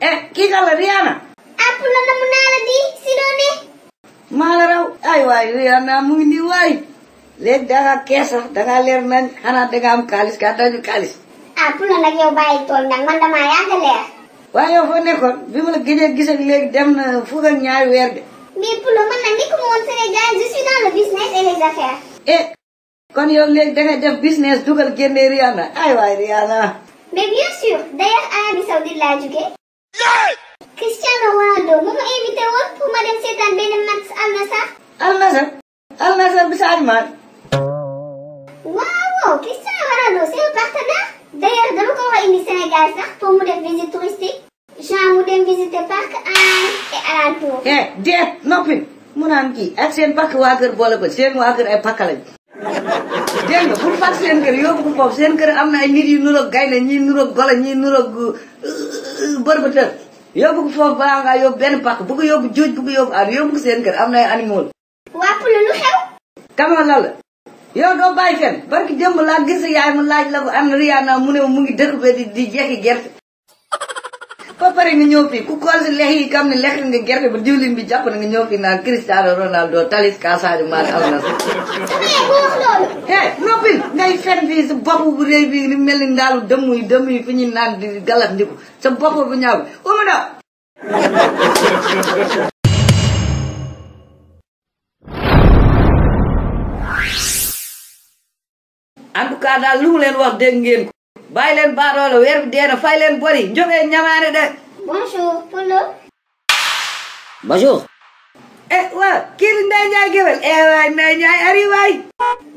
Eh, kita Riana. Apa nama menara di sini? Malarau, ay wai Riana mu wai. Lihat dengan ah, kesa, dengan lerman, anak dengan kalis, kata kalis. Apa nama lagi yang baik tuh, nang mana maya jelas. Wah, oh, yo fone kon, gede gede lek dem na eh, fuga nyai werd. Bimul lo mana nih kumon sere jai jusi na lo bisnes Eh, kon yo lek dengan jam bisnes dugal gede riana, ay wai riana. Bimul yusuf, daya ay ah, bisa udil lajuke. Cristiano Ronaldo, mo maimite wag pumadam si Tan Benemats Almasa? Almasa? Almasa bisa animal? Wow, wow, Cristiano Ronaldo, saya pasta na? Daya dulu kalau ini Senegal sa, pemuda visit turistik. Jangan mudah visit park an ah, ke eh, Arantu. Eh, dia, nopin. Munan ki, action park wager boleh bu, action wager eh pakalin. Dia nggak pun pasien kerja, pun pasien kerja. Amna ini nurug gay, ini nurug gol, ini nurug. bërbëtë yóbbu ko foofu balaa ngaa yóbbu benn pàq bu yóbbu juuj bu yóbbu aar yóbbu seen kër am na ay animaux waa lu xew kamoon la la doo bàyyi fen barki démb laa gis yaay mu laaj la ko am na riyaa naa mu ne mu ngi dëkk be di jekki gerte ko pare nga ñëw fii ku ko si lehi yi kam ne lex nga gerte ba diwlin bi jàpp nga ñëw fii naan Cristiano Ronaldo talis Kasadio Mar al Nasr. Eh, eh noppil ngay fen fii sa bopp bu reey bi li mel ni ndaalu dëmm yi dëmm fi ñu naan di galat ndiku sa bopp bu ñaw o mo na. en tout cas daal lu len wax de ngeen ko. bàyyi leen baadoola weer bi dee fay leen bori njógee ñamaane de. bonjour Polo. bonjour. eh waaw kii di Ndeye Ndiaye Guèwel eh, waay Ndeye Ndiaye ari waay.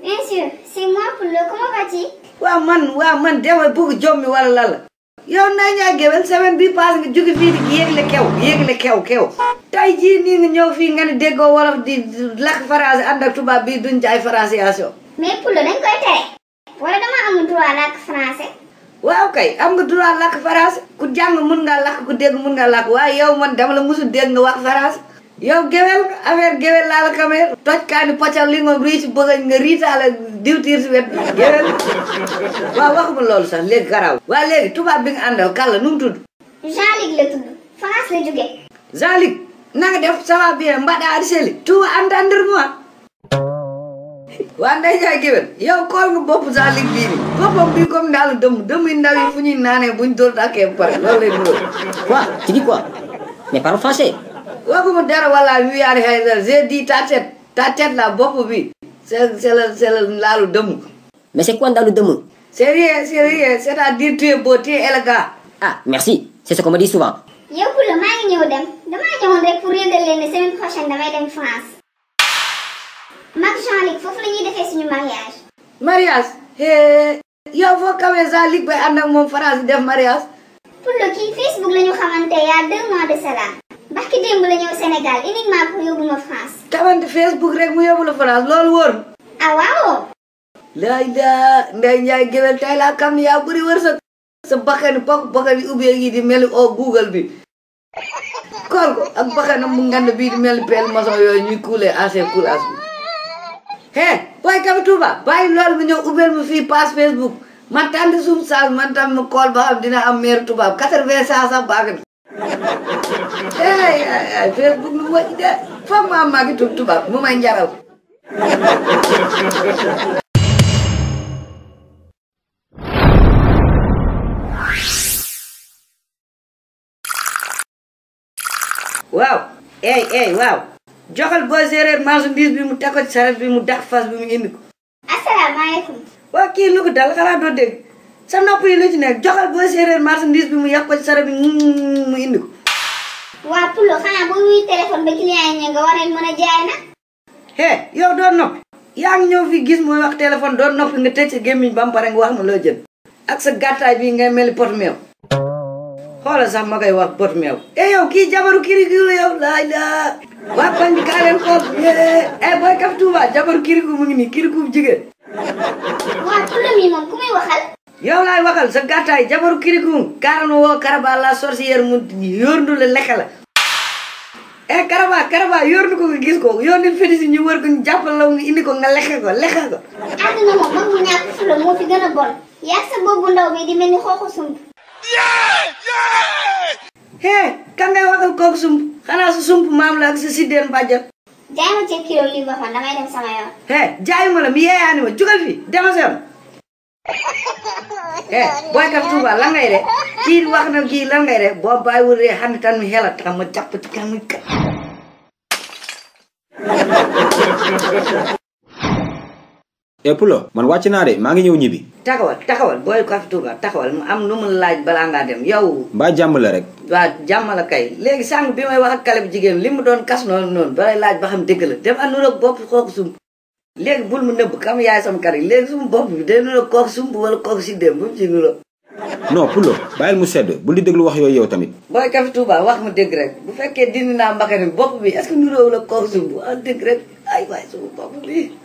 bien sûr c'est moi Polo comment vas-tu. waaw man waaw man dama bugg jommi wala lala. yow Ndeye Ndiaye Guèwel semaine bii passée nga jóge fii di yégle kew yégle kew kew. tey jii nii nga ñëw fii nga ne déggoo wolof di lakk français ànd ak tubaab bii duñ ci ay prononciation. mais Polo dañ koy tere. wala lakk français. waaw kay am nga droit lak farance ku jang mun nga lak ku deg mun nga lak waaye yow man dama la musu deg nga wax farance yow gewel affaire gewel la la xamee toj kaani poccal li nga ci bëgg nga diw tir ci wet géwél waaw waxuma loolu sax leg garaw wa leg tuba bi nga andal kala num tud jalik la tud farance la jógee jalik na nga def sama bien mbada arseli tuba andandir waa Ndeye Ndiaye Guèyeul yow kool nga bopp saa ligg bii nii boppam bii comme yi ndaw yi fu ñuy naanee buñ dóor tàkkee ba pare loolu lay dóor. quoi tu dis quoi mais parle français. waxuma dara wala yu yaari xëy na j'ai dit ta tête la bopp bi c'est c'est la c'est la ndaalu dëmm. mais c'est quoi ndaalu dëmm. c'est rien c'est à dire tu es beau tu es élégant. ah merci c'est ce qu'on me souvent. yow Poulon maa ngi ñëw dem damaa ñëwoon rek pour yëgal leen ne semaine prochaine damay dem France. Mag Jean-Luc foofu la ñuy defee suñu mariage. mariage hee yow foo kawee sa Luc bay ànd ak France di def mariage. Pullo kii Facebook la ñu xamante y a deux mois de cela. barki démb la ñëw Sénégal uniquement pour yóbbu ma France. xamante Facebook rek mu yóbbu la France loolu wóor. ah waaw. laay laa Ndeye Ndiaye géwél tey laa xam ne yaa bëri sa sa bakkan bokk bakkan yi di mel o Google bi. kool ko ak bakkanam mu ngand bii di mel peel maçon yooyu ñuy kuulee assez cool Hey, boy kam tuba, bàyyi lol mu ñëw ubbeel mu fi page Facebook man tam di suum saal man tam mu kol ba xam dina am mer tuba, quatre-vingts sa sax baax hey Facebook lu wëcc de fa ma ma maa ngi tuba, mu may njaraw. waaw. hey, ey wow. joxal booy séeréer marchandise bi mu teg ko ci saret bi mu dàq fas bi mu indi ko. asalaamaaleykum. waa kii lu ko dal xanaa doo dégg sa nopp lu ci nekk joxal booy séeréer bi mu indi ko. waa Poulo xanaa boo wuyu téléphone ba client yi nga war a mën a jaay na. hey yow doo noppi. yaa ngi ñëw fii gis mooy wax téléphone doo noppi nga tëj sa gémmiñ ba mu nga wax ma loo jënd. ak sa gàttaay bi ngay meli pot meew. xoola sax ma koy wax bot meew e yow kii jabaru kirigu la yow laaj la waa koñ bi kaa leen xool e booy kaf jabaru kirigu mu ngi nii kirigu jigéen waa turam yi moom ku waxal yow laay waxal sa gàttaay jabaru kirigu kaaranu woo karaba la sorcière mu yóorndu la lekk la e karaba karaba yóorndu ko nga gis ko yóorndu fétiche ñu wër ko ñu jàppal nga indi ko nga lekk ko lekk ko àdduna moom mag mu ñàkk fu moo fi gën a bon yaa sa boobu ndaw bi Hey, kan ngay waxal kooku sump xanaa sa sump maam la ak sa siddeen bàjjal jaay ma ceeb kilo lii ma fan damay hey jaay ma la mi yeeyaani ma jugal fi dema sem eh boy kam tuba la ngay na ngay tan mi et eh, Poulo man wàcc naa de maa ngi ñëw ñibbi. taxawal taxawal booy Café Touba taxawal mu am nu mu laaj balaa ngaa dem yow. mbaa jàmm la rek. waaw jàmm la kay léegi sànq bi may wax ak bu jigéen li mu doon kas noonu noonu ba laaj ba xam dëgg la dem a nu bopp kooku sump léegi bul mu nëbb kam yaay sama kari léegi sumu bopp bi day nu kooku sump wala kooku si dem bu mu si nu non bàyyil mu sedd bul di déglu wax yooyu yow tamit. booy Café Touba wax mu dégg rek bu fekkee dindi naa mbakane bopp bi est-ce que nuróowu la Ai, vai um, babuí